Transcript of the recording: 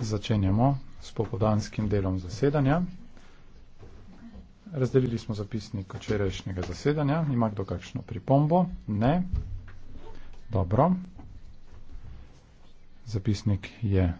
Začenjamo s popodanskim delom zasedanja. Razdelili smo zapisnik včerajšnjega zasedanja. Ima kdo kakšno pripombo? Ne. Dobro. Zapisnik je